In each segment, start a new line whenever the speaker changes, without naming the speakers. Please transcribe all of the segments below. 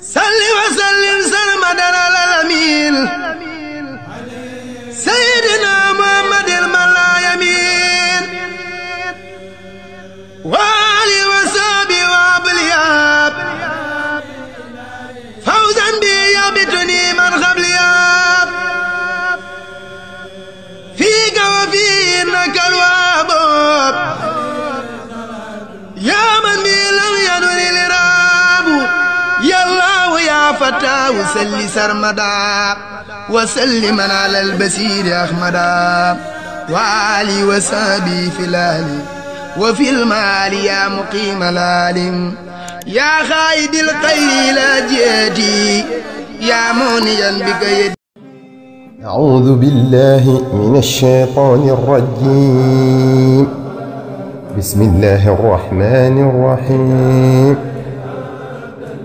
salli wa sallim sarmadan alal amiin حتى وسلي سرمدا وسلما على البسير أحمدا وآلي وسابي في الأهل وفي المال يا مقيم العالم يا خايد الخير لا جيتي يا مونيا بك يدي أعوذ بالله من الشيطان الرجيم بسم الله الرحمن الرحيم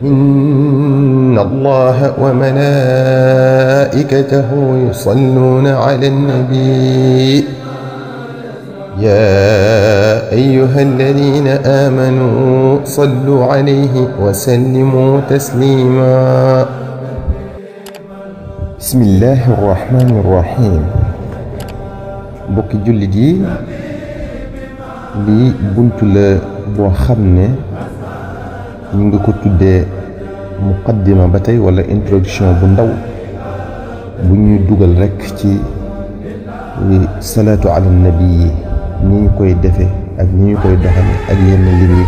إن الله وملائكته يصلون على النبي يا أيها الذين آمنوا صلوا عليه وسلموا تسليما بسم الله الرحمن الرحيم bokki jullit yi lii bunt la boo xam ne ñu ngi ko tuddee muqaddima ba tey wala introduction bu ndaw bu ñuy dugal rekk ci salaatu ala nabi yi ni ñu koy defe ak ni ñu koy doxale ak yenn lim yi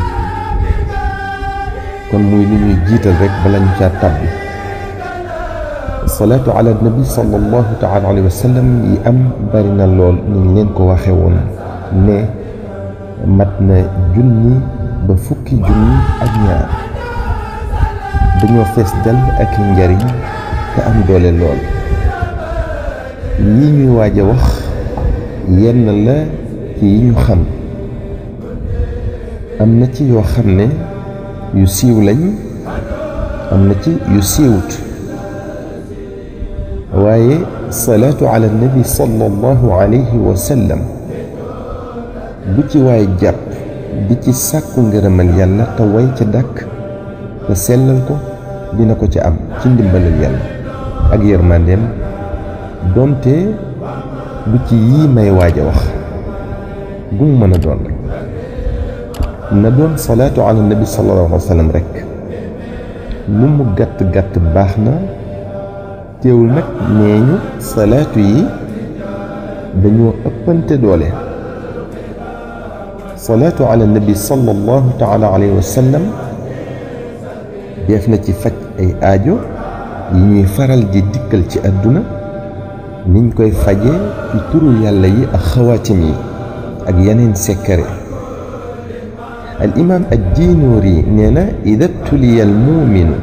kon muy li ñuy jiital rekk bala ñu caa tàbbi salaatu ala nabi sallallahu taala alayhi wa yi am bari na lool ni leen ko waxe woon ne mat na junni ba fukki junni ak ñaar dañoo fees dell ak njariñ te am doole lool yi ñuy waaj a wax yenn la ci yi ñu xam am na ci yoo xam ne yu siiw lañ am na ci yu siiwut waaye salaatu ala nabi sallallahu alayhi wa sallam bu ci waay jàpp di ci sàkku ngërëmal yàlla te woy ca dàkk te sellal ko dina ko ca am ci ndimbalal yàlla ak yërmandeem doonte du ci yii may waaj a wax gum mën a doon rek na doon salaatu ala nabi sallallahu alayhi rek lu mu gàtt gàtt baax na teewul nag nee ñu salaatu yi dañoo ëppante doole salaatu ala nabi sallallahu taala alayhi wa sallam def na ci faj ay aajo yi ñuy faral di dikkal ci àdduna niñ koy faje ci turu yàlla yi ak xawaatim yi ak yeneen sekkare al imaam ad-Dinuuri nee na ida btuliya al muuminu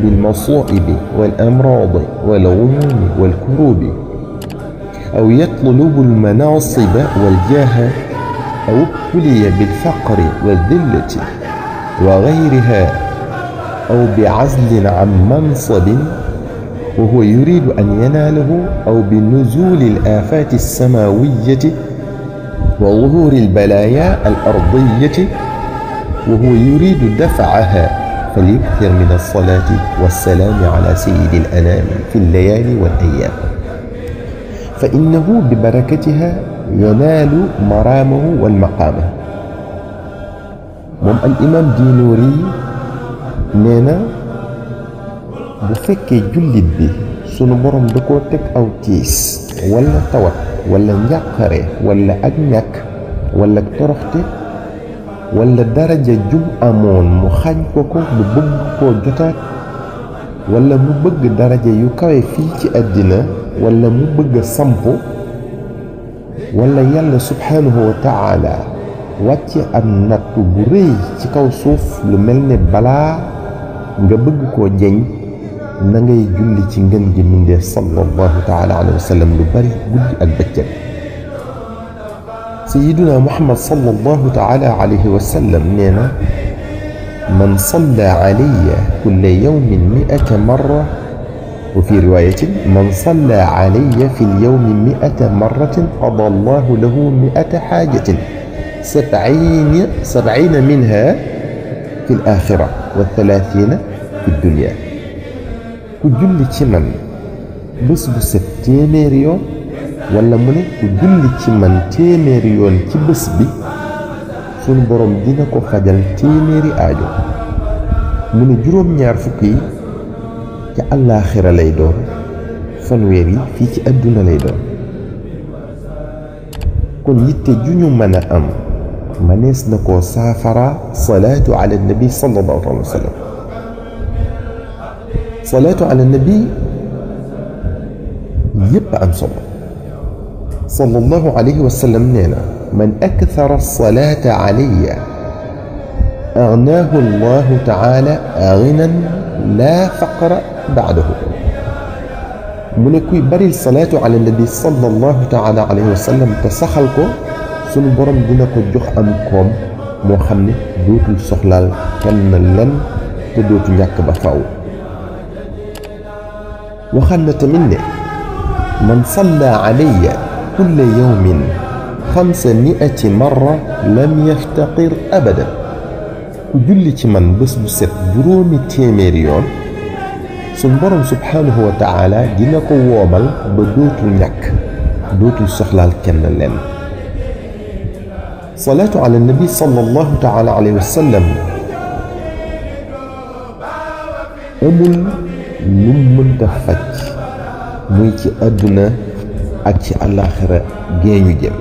bil masaa'ibi wal amraadi wal gumuumi wal kuruubi aw yatlubu al manaasiba wal jaaha أو ابتلي بالفقر والذلة وغيرها أو بعزل عن منصب وهو يريد أن يناله أو بنزول الآفات السماوية وظهور البلايا الأرضية وهو يريد دفعها فليكثر من الصلاة والسلام على سيد الأنام في الليالي والأيام فإنه ببركتها ينال مرامه والمقامه moom al imaam diinoori nee na bu fekkee jullit bi sunu borom da ko teg aw tiis wala tawat wala njàqare wala ak ñàkk wala toroxte wala daraja jum amoon mu xañ ko ko bu bëgg koo jotaat wala mu bëgg daraja yu kawe fii ci àddina wala mu bëgg a samp wala yàlla subhaanahu am natt bu ci kaw suuf lu mel ni balaa nga bëgg ko jeñ na ngay julli ci ngën gi mindeef sallallahu taala alayhi wa lu bari guddi ak bëccëg sayiduna muhammad sallallahu taala alayhi wa na man salla alayya kulla yawmin mi'ata marra وفي رواية من صلى علي في اليوم مئة مرة قضى الله له مئة حاجة سبعين, سبعين منها في الآخرة والثلاثين في الدنيا ku julli ci man bés bu set téeméeri yoon wala mu ne ku julli ci man téeméeri yoon ci bés bi sunu boroom dina ko fajal téeméeri aajo mu ne juróom-ñaar fukk yi ca àllaaxira lay doon fanweer yi fii ci àdduna lay doon kon yitte ju ñu mën a am mënees na koo saafara salaatu ala nabi sallallahu alayhi wa sallam salaatu ala nabi yépp am solo sallallahu alayhi wa sallam nee na man akthara salaata alayya aghnaahu allahu taala ghinan laa faqra baadahu mu ne kuy baril salaatu ala nabi sallallahu taala alayhi wa sallam te saxal ko sunu borom dina ko jox am koom moo xam ne dootul soxlaal kenn lan te dootu ñàkk ba faw waxaan na tamit ne man salla alayya kulla yawmin xamsa miati marra lam yaftaqir abadan ku ci man bés bu set yoon suñ borom subhaanahu wa taala dina ko woobal ba dootul ñàkk dootul soxlaal kenn lenn salaatu ala nabi sallallahu amul lu faj muy ci àdduna ak ci àllaaxira gee jëm